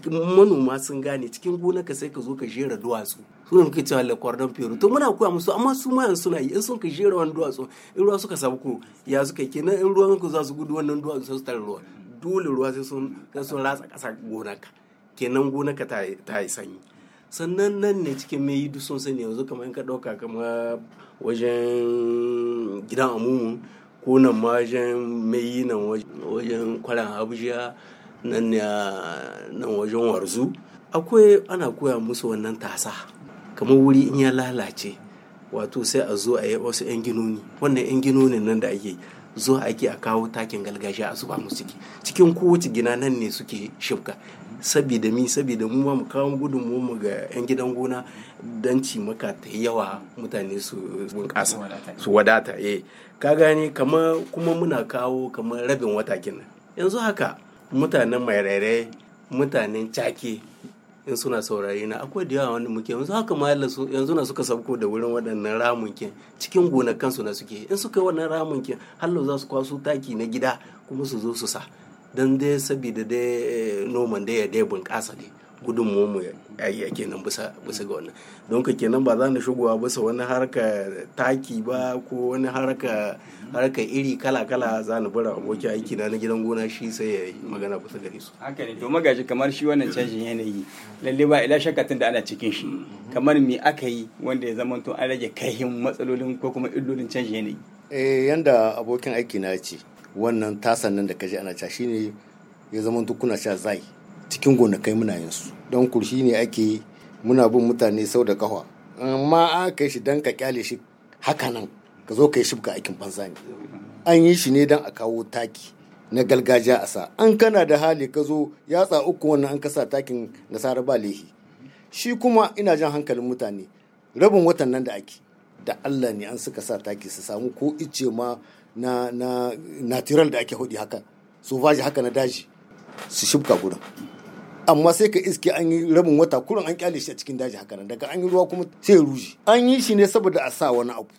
manoma sun gane cikin gona ka sai ka zo ka jera duwatsu su ne muke cewa lekwardan fero to muna koya musu amma su ma yanzu suna yi in sun ka jera wani duwatsu in ruwa suka samu ko ya suka kenan in ruwan ku za su gudu wannan duwatsu sai su tare ruwa dole ruwa sai sun sun ratsa ƙasa gonaka kenan gonaka ta yi sanyi sannan nan ne cikin mai yi dusun sani yanzu kamar in ka ɗauka kamar wajen gidan amumu ko nan wajen mai nan wajen kwaran habjiya nan nan wajen warzu akwai ana koya musu wannan tasa kamar wuri in ya lalace wato sai a zo a yi wasu 'yan ginoni wannan 'yan ginonin nan da ake zo ake a kawo takin galgashi a zuba musu ciki cikin kowace gina nan ne suke shifka saboda mi saboda mu ma mu kawo gudun mu ga 'yan gidan gona ci maka ta yawa mutane su bunƙasa su wadata eh ka gane kamar kuma muna kawo kamar rabin wata kenan yanzu haka mutanen rere mutanen cake in suna saurari na akwai da yawa wanda muke yanzu haka su yanzu na suka sabko da wurin waɗannan kin cikin gonakan su na suke in suka yi wannan ramunkin hallo za su kwaso taki na gida kuma su zo su sa don dai saboda dai eh, noman da ya dai bunƙasa ne gudun mu ya nan bisa ga wannan don ka kenan ba za na shigowa bisa wani harka taki ba ko wani harka harka iri kala kala za na bura abokin aiki na na gidan gona shi sai ya yi magana bisa gare su haka ne to magaji kamar shi wannan canjin yanayi lalle ba ila shakka tun da ana cikin shi kamar me aka yi wanda ya zama to an rage kaihin matsalolin ko kuma illolin canjin yanayi eh yanda abokin aiki na ce wannan tasan nan da kaji ana ca shine ya zama kuna sha zai cikin gonakai muna yin su don kurshi ne ake muna bin mutane sau da kafa amma an kai shi don ka kyale shi haka nan ka zo ka yi shibka aikin banza ne an yi shi ne don a kawo taki na gargajiya a sa an kana da hali ka zo yatsa uku wannan an kasa takin nasara ba lehi shi kuma ina jan hankalin mutane rabin watan nan da ake da Allah ne an suka sa taki su samu ko ice ma na na natural da ake hudi haka sofaji haka na daji su shibka amma sai ka iske an yi rabin wata kurin an kyale shi a cikin daji haka nan daga an yi ruwa kuma sai ruji an yi shi ne saboda a sa wani abu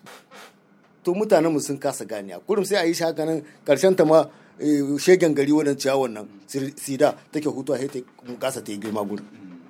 to mutanen mu sun kasa a kurin sai a yi shi haka nan karshen ta ma eh, shegen gari wadancewa wannan sida take hutuwa sai ta kasa ta yi girma gurin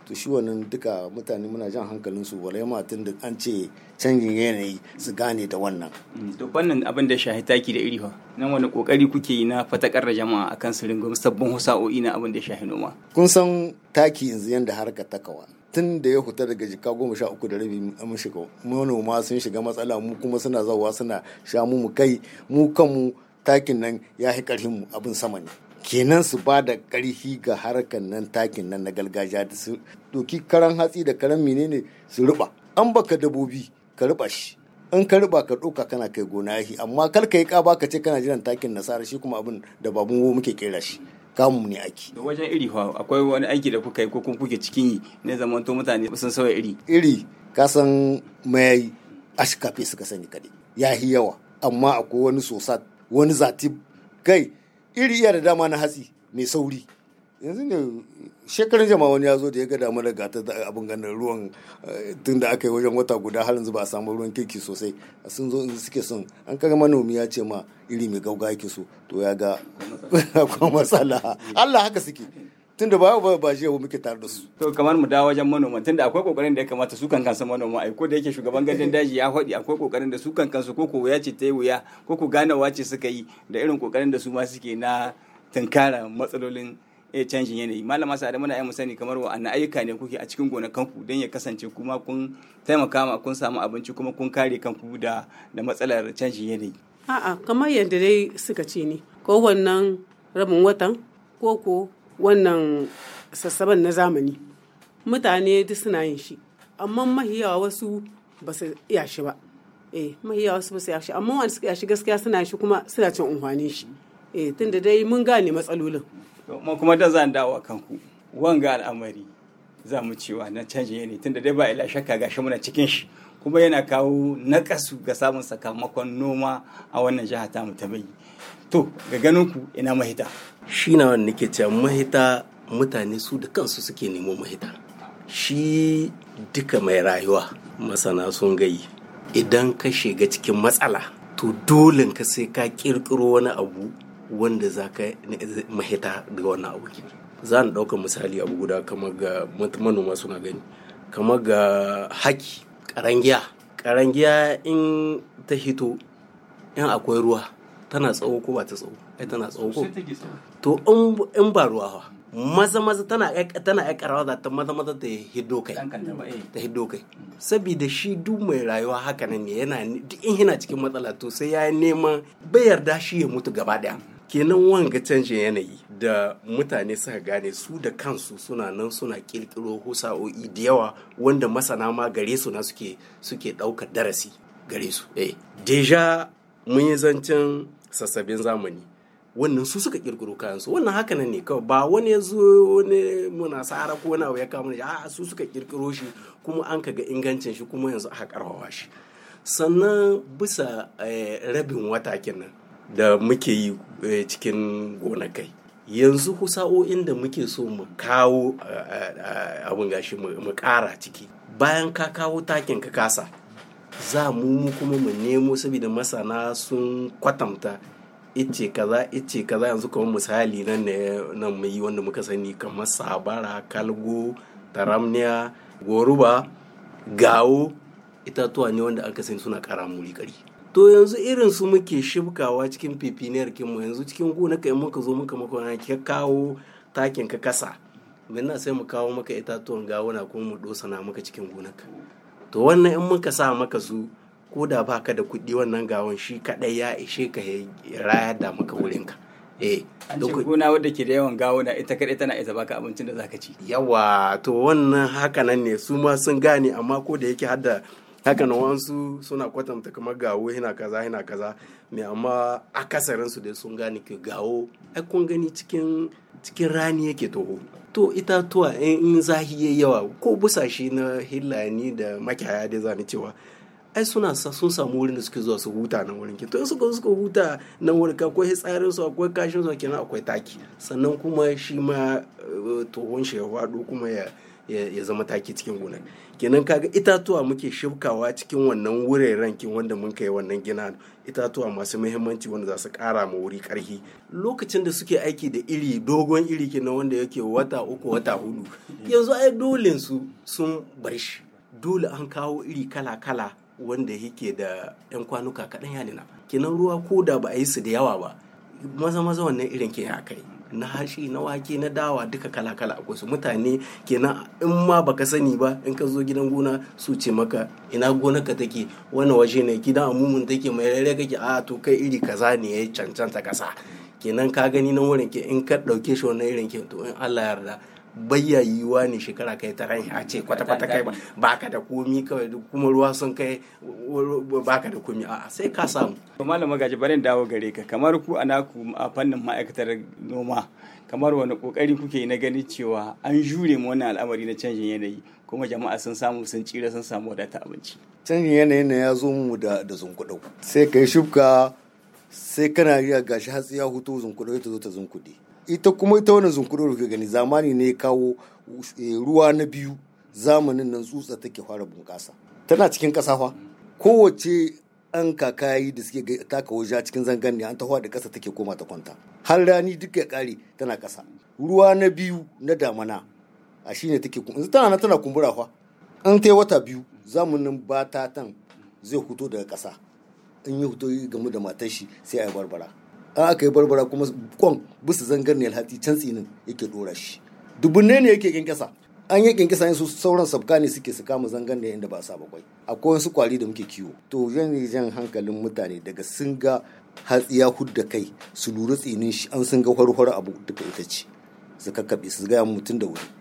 to shi wannan duka mutane muna jan hankalin su walai ma tun da an ce canjin yanayi su gane da wannan mm, to fannin abin da shahi taki da iri fa nan wani kokari kuke yi na fatakar da jama'a akan su ringo sabbin husa'o'i na abin da shahi noma kun san taki yanzu yanda harka ta kawa tun da ya fita daga jika goma sha uku da rabi mun shiga manoma sun shiga matsala mu kuma suna zawa suna sha mu mu kai mu kanmu takin nan ya yi karfin mu abin sama ne kenan su ba da ƙarfi ga harkar nan takin nan na gargajiya da su doki karan hatsi da karan menene su ruba an baka dabobi ka ruba shi in ka ruba ka ɗauka kana kai gona yahi amma kar ka yi ƙaba ka ce kana jiran takin nasara shi kuma abin da babu wo muke kera shi kamun ne aiki. wajen iri fa akwai wani aiki da kuka yi ko kuke cikin yi ne to mutane sun sauya iri. iri ka kasan mai ashkafe suka sani kaɗai ya yawa amma akwai wani sosat wani zati kai iri iya da dama na hatsi mai sauri yanzu ne shekarun jama wani ya zo da ya ga damu da gata da abin ganin ruwan eh, tun da aka yi wajen wata guda har yanzu ba a samu ruwan kirki sosai sun zo in suke son an kaga manomi ya ce ma iri mai gauga yake so to ya ga akwai matsala Allah haka suke tunda ba ba ba jiya muke tare da su to kamar mu da wajen manoma tunda akwai kokarin da ya kamata su kan kansu manoma ai ko da yake shugaban gadin daji ya faɗi akwai kokarin da su kan kansu ko ko wuya ce ta yi wuya ko ko ganawa ce suka yi da irin kokarin da su ma suke na tunkara matsalolin iya eh, canjin yanayi malama da muna yi sani kamar wa anna ayyuka ne kuke a cikin gonakanku don ya kasance kuma kun taimaka ma kun samu abinci kuma kun kare kanku da da matsalar canjin yanayi a'a kamar yadda dai suka ce ne ko wannan rabin watan ko ko wannan sassaban na zamani mutane duk suna yin shi amma mahiyawa wasu ba su iya shi ba eh mahiyawa wasu ba su iya shi amma wanda suka iya shi gaskiya suna shi kuma suna cin unhwanin shi eh tunda dai mun gane matsalolin kuma da zan dawo kanku wanga al'amari za mu cewa na canji ne tunda dai ba ila shakka shi muna cikin shi kuma yana kawo nakasu ga samun sakamakon noma a wannan jiha ta mu ta bai to ga ganin ku ina mahita shi na wanda nake cewa mahita mutane su da kansu suke nemo mahita shi duka mai rayuwa masana sun gayi idan ka shiga cikin matsala to dole ka sai ka kirkiro wani abu wanda za ka mahita daga wannan abu za ni ɗauka misali abu guda kamar ga manoma suna gani kamar ga haki karangiya karangiya in ta hito in akwai ruwa tana tsawo ko ba ta tsawo ai tana tsawo ko to in ba ruwa maza maza tana tana ya karawa da ta maza maza ta hiddo kai eh. ta hiddo kai saboda shi duk mai rayuwa haka nan ne yana duk in yana cikin matsala to sai ya neman bai yarda shi ya mutu gaba daya kenan wanga canjin yanayi da mutane suka gane su da kansu suna nan suna kirkiro husa'o'i da yawa wanda masana ma gare su na suke suke daukar darasi gare su eh deja mun yi zancen sassabin zamani wannan su suka kirkiro kayan su wannan haka nan ne kawai ba wani ya zo wani muna sara ko wani abu ya kama shi a su suka kirkiro shi kuma an ka ga ingancin shi kuma yanzu aka karfafa shi sannan bisa eh, rabin wata kenan da muke yi eh, cikin gonakai yanzu husa'o'in da muke so mu kawo eh, abin gashi mu kara ciki bayan ka kawo takin ka kasa za mu kuma mu nemo saboda masana sun kwatanta. ice kaza ice kaza yanzu kuma misali nan ne nan mu yi wanda muka sani kamar sabara kalgo taramniya goruba gawo itatuwa ne wanda aka sani suna kara muri kari to yanzu irin su muke shibkawa cikin pipiniyar kinmu yanzu cikin gona kai muka zo muka maka wani ka kawo takin ka kasa na sai mu kawo maka itatuwan na kuma mu dosa na maka cikin gonaka to wannan in muka sa maka su ko da baka da kuɗi wannan gawon shi kaɗai ya ishe ka ya raya da maka ka eh an ce gona wadda ke da yawan gawuna ita kaɗai tana isa baka abincin da zaka ci yawa to wannan hakanan ne su ma sun gane amma ko da yake hadda haka nan wansu suna kwatanta kamar gawo hina kaza hina kaza mai amma akasarin su dai sun gane ke gawo ai kun gani cikin cikin rani yake toho to itatuwa in zahi yayi yawa ko busashi na hillani da makiyaya dai zani cewa ai suna sun samu wurin da suke zuwa su huta nan wurin kin to in suka suka huta nan wurin ka akwai tsarin su akwai kashin su kenan akwai taki sannan kuma shi ma eh, tohon shi ya faɗo kuma ya ya zama taki cikin gonar kenan kaga itatuwa muke shibkawa cikin wannan wuraren kin wanda mun kai wannan gina itatuwa masu muhimmanci wanda za su kara ma wuri karhi lokacin da suke aiki da iri dogon iri kenan wanda yake wata uku wata hudu yanzu ai dole su sun bar shi dole an kawo iri kala kala wanda yake da 'yan kwanuka kaɗan ya nuna kinan ruwa ko da ba a yi su da yawa ba maza maza wannan irin ke haka na hashi na wake na dawa duka kala kala a su mutane kenan in ma baka sani ba in ka zo gidan gona su ce maka ina gonarka ka take wani waje ne gidan amumun take mai rarre kake a to kai iri kaza ne ya cancanta kasa kenan ka gani nan wurin ke in ka dauke shi wannan irin ke to in Allah yarda bayya yiwuwa ne shekara kai ta rai a ce kwata kwata kai ba ka da komi kawai kuma ruwa sun kai ba ka da komi a'a sai ka samu malam magaji barin dawo gare ka kamar ku a naku a fannin ma'aikatar noma kamar wani kokari kuke na ganin cewa an jure mu wannan al'amari na canjin yanayi kuma jama'a sun samu sun tsira sun samu wadata abinci canjin yanayi ne ya zo mu da da zunkudau sai kai shubka sai kana riya gashi hatsi ya hutu zunkudo ta zo ta zunkudi ita kuma ita wani zunkuru da gani zamani ne ya kawo eh, ruwa na biyu zamanin nan tsutsa take fara bunƙasa tana cikin ƙasa fa kowace an kakayi da suke taka wajen cikin zangan ne an tahowa da ƙasa take koma ta kwanta har rani duk ya ƙare tana ƙasa ruwa na biyu na damana a shine take kuma tana tana kumbura fa an ta wata biyu zamanin batatan zai huto daga ƙasa in yi huto game da matar shi sai a yi barbara an aka yi barbara kuma kwan bisa ne hatsi can tsinin yake dora shi dubunne ne yake kyankyasa an yi kinkisa yin su sauran sabka ne suke su kama ne inda ba sa bakwai akwai wasu kwari da muke kiwo to yan jan hankalin mutane daga sun ga hatsi ya hudda kai su lura tsinin shi an sun ga hwar-hwar abu duka ita ce su kakkaɓe su gaya mutum da wuri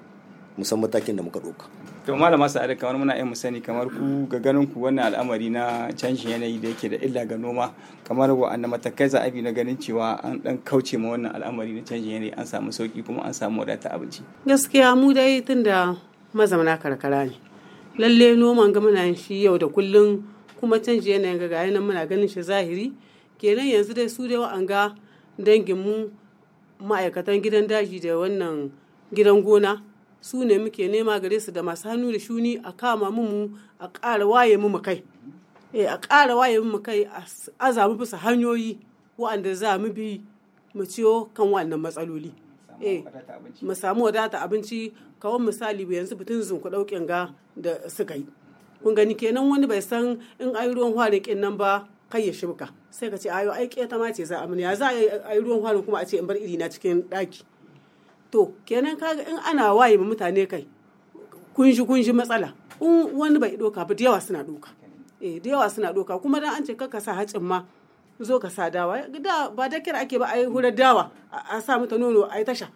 musan matakin da muka ɗauka. to malama sa'ada kamar muna yin musani kamar ku ga ganin ku wannan al'amari na canjin yanayi da yake da illa ga noma kamar wa'annan matakai za a na ganin cewa an dan kauce ma wannan al'amari na canjin yanayi an samu sauki kuma an samu wadata abinci gaskiya mu dai tunda mazamana karkara ne lalle noman ga muna shi yau da kullun kuma canji yanayin ga gayi nan muna ganin shi zahiri kenan yanzu dai su dai wa'anga dangin mu ma'aikatan gidan daji da wannan gidan gona su ne muke nema gare su da masu hannu da shuni a kama mu a ƙara waye mu kai eh, a ƙara waye mu kai a zamu bisa hanyoyi waɗanda za mu bi mu ciyo kan wannan matsaloli eh, mu samu wadata abinci kawai misali yanzu butun ku ɗaukin ga da suka yi kun gani kenan wani bai san in ai ruwan hwarin kin nan ba kai ya shibka sai ka ce ayo ai keta ma ce za a ya za a yi ruwan hwarin kuma a ce in bar iri na cikin ɗaki to kenan kaga in ana waye mutane kai kunji kunji matsala in wani bai doka ba da yawa suna doka eh da yawa suna doka kuma dan an ce kaka sa hacin ma zo ka sa dawa da ba da kira ake ba ai hurar dawa a sa mata nono ai tasha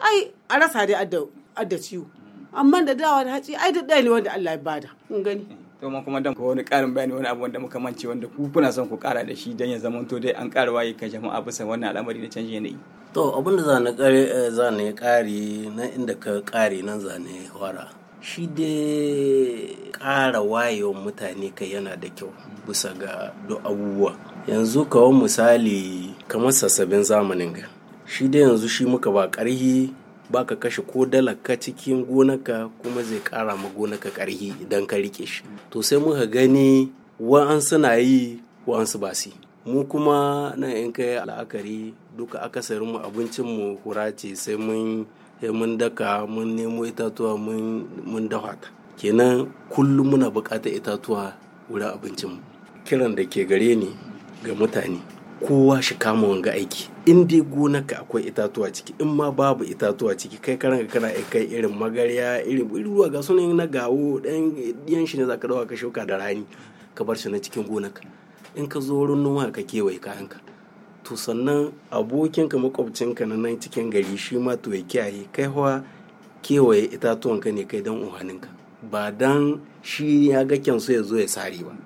ai a rasa dai adda ciwo amma da dawa da haci ai da ɗaya ne wanda Allah ya bada kun gani kuma kuma dan ko wani karin bayani wani abu wanda muka mance wanda ku kuna son ku kara da shi dan ya to dai an kara waye ka jama'a bisa wannan al'amari na canjin yanayi to abinda da eh, na kare kare nan inda ka kare nan zane wara shi dai kara wayewa mutane kai yana da kyau bisa ga duk abubuwa yanzu kawo misali kamar sassabin zamanin ga shi dai yanzu shi muka ba ƙarhi baka kashe ko dalaka cikin gonaka kuma zai kara ma gonaka karhi idan ka rike shi to sai muka gani wa'an suna yi wa'an su basi mu kuma nan in kai la'akari duka akasarin mu abincin mu hura ce sai mun mun daka mun nemo itatuwa mun dafa ta kenan kullum muna bukatar itatuwa wurin abincin mu kiran da ke gare ni ga mutane kowa shi kama wanga aiki in dai gonarka akwai itatuwa ciki in ma babu itatuwa ciki kai karan kana kai irin magarya irin ruwa ga sunan na gawo dan yan shi ne zaka dawo ka shuka da rani ka bar shi na cikin gonaka. in ka zo wurin noma ka kewaye kayanka to sannan abokinka ka na nan cikin gari shi ma to ya kiyaye kai hawa kewaye ka ne kai dan uhaninka ba dan shi ya ga kyan su ya zo ya sare ba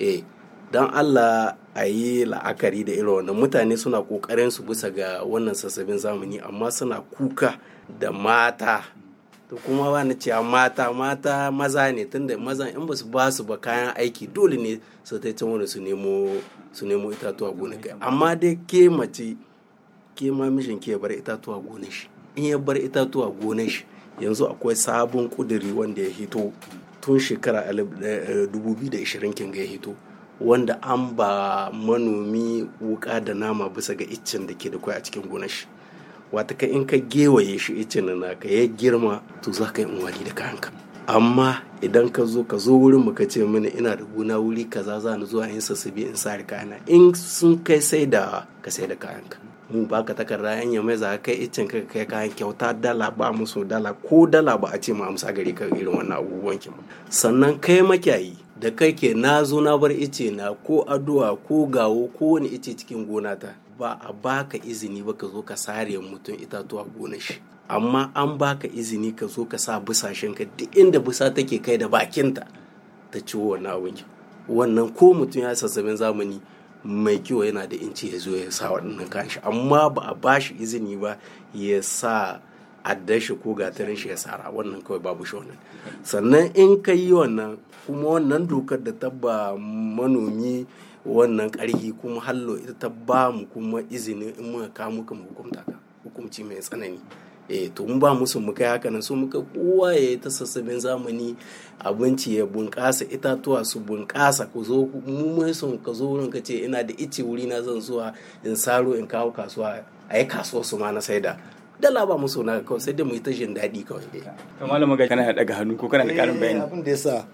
eh don allah a yi la'akari da irin wannan mutane suna ƙoƙarin su bisa ga wannan sassabin zamani amma suna kuka da mata to kuma ba na cewa mata mata maza ne tunda maza in ba su ba su ba kayan aiki dole ne su ta can wani su nemo su nemo itatuwa gonaka amma dai ke mace ke ma mishin ke bar itatuwa gonar shi in ya bar itatuwa gonar shi yanzu akwai sabon kuduri wanda ya hito tun shekara 2020 eh, eh, kin ga ya hito wanda an ba manomi wuka da nama bisa ga iccen da ke da kwai a cikin gonar shi wata ka in ka gewaye shi iccen na ka ya girma to za ka yi unwani da kayanka amma idan ka zo ka zo wurin ka ce mini ina da gona wuri kaza za ni zuwa in sassabe in sari kayana in sun kai sai da ka sai da kayanka mu ba baka takarda yan ya mai za kai iccen ka kai kayan kyauta dala ba musu dala ko dala ba a ce ma amsa gari ka irin wannan abubuwan ki sannan kai makiyayi da kai ke na zo na bar ice na ko addu'a ko gawo ko wani ice cikin gona ta ba a baka izini ba ka zo ka sare mutum itatuwa gonar shi amma an baka izini ka zo ka sa busashen ka duk inda busa take kai da bakinta ta ciwo wannan abin wannan ko mutum ya sassaben zamani mai kiwo yana da inci ya zo ya sa waɗannan kanshi amma ba a bashi izini ba ya sa addashi ko gatarin shi ya sara wannan kawai babu shi wannan sannan in ka yi wannan kuma wannan dokar da ta ba manomi wannan karhi kuma hallo ita ta ba mu kuma izinin in muka ka muka hukumta ka mai tsanani eh to mun ba musu mu kai haka nan so muka kowa ya yi ta sassabin zamani abinci ya bunƙasa itatuwa su bunƙasa ku zo mu mai son ka zo wurin ka ce ina da ice wuri na zan zuwa in saro in kawo kasuwa a yi kasuwa su ma na saida dala ba musu na kawai sai dai mu yi ta daɗi kawai dai to malama ga kana daga hannu ko kana da karin bayani eh, abin da yasa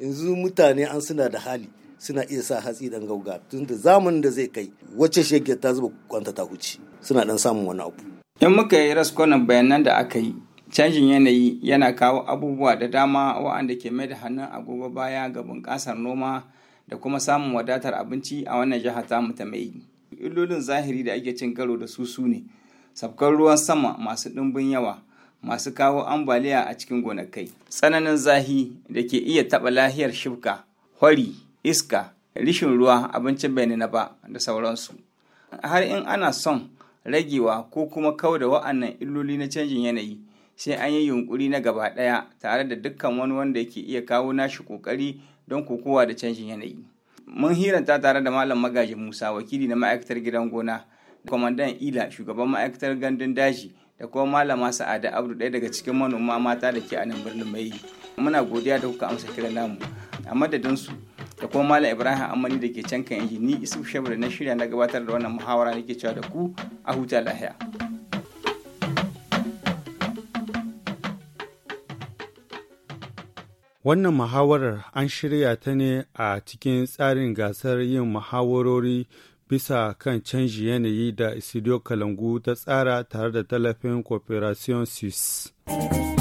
yanzu mutane an suna da hali suna iya sa hatsi dan gauga tun da zamanin da zai kai wacce shege ta zuba kwanta ta huci suna dan samun wani abu in muka yi raskonan bayanan da aka yi canjin yanayi yana kawo abubuwa da dama wa'anda ke mai da hannun agogo baya ga bunƙasar noma da kuma samun wadatar abinci a wannan jihar mu ta mai illolin zahiri da ake cin karo da su su ne sabkar ruwan sama masu ɗumbin yawa masu kawo ambaliya a cikin gonakai tsananin zahi da ke iya taɓa lahiyar shibka hori iska rishin ruwa abincin bai na ba da sauransu har in ana son ragewa ko kuma kau da wa'annan illoli na canjin yanayi sai an yi yunkuri na gaba ɗaya tare da dukkan wani wanda yake iya kawo nashi kokari don kokowa da canjin yanayi. Mun hiranta tare da Malam Magaji Musa wakili na ma'aikatar gidan gona kwamandan ila shugaban ma'aikatar gandun daji da kuma malama sa'ada abdu ɗaya daga cikin manoma mata da ke a nan birnin mai muna godiya da kuka amsa kiran namu a madadin su da kuma malam ibrahim amani da ke can kan yanki ni isu shebar na shirya na gabatar da wannan muhawara nake cewa da ku a huta lahiya Wannan muhawarar an shirya ta ne a cikin tsarin gasar yin muhawarori bisa kan canji yanayi da isidiyo Kalangu ta tsara tare da tallafin Cooperation Suisse.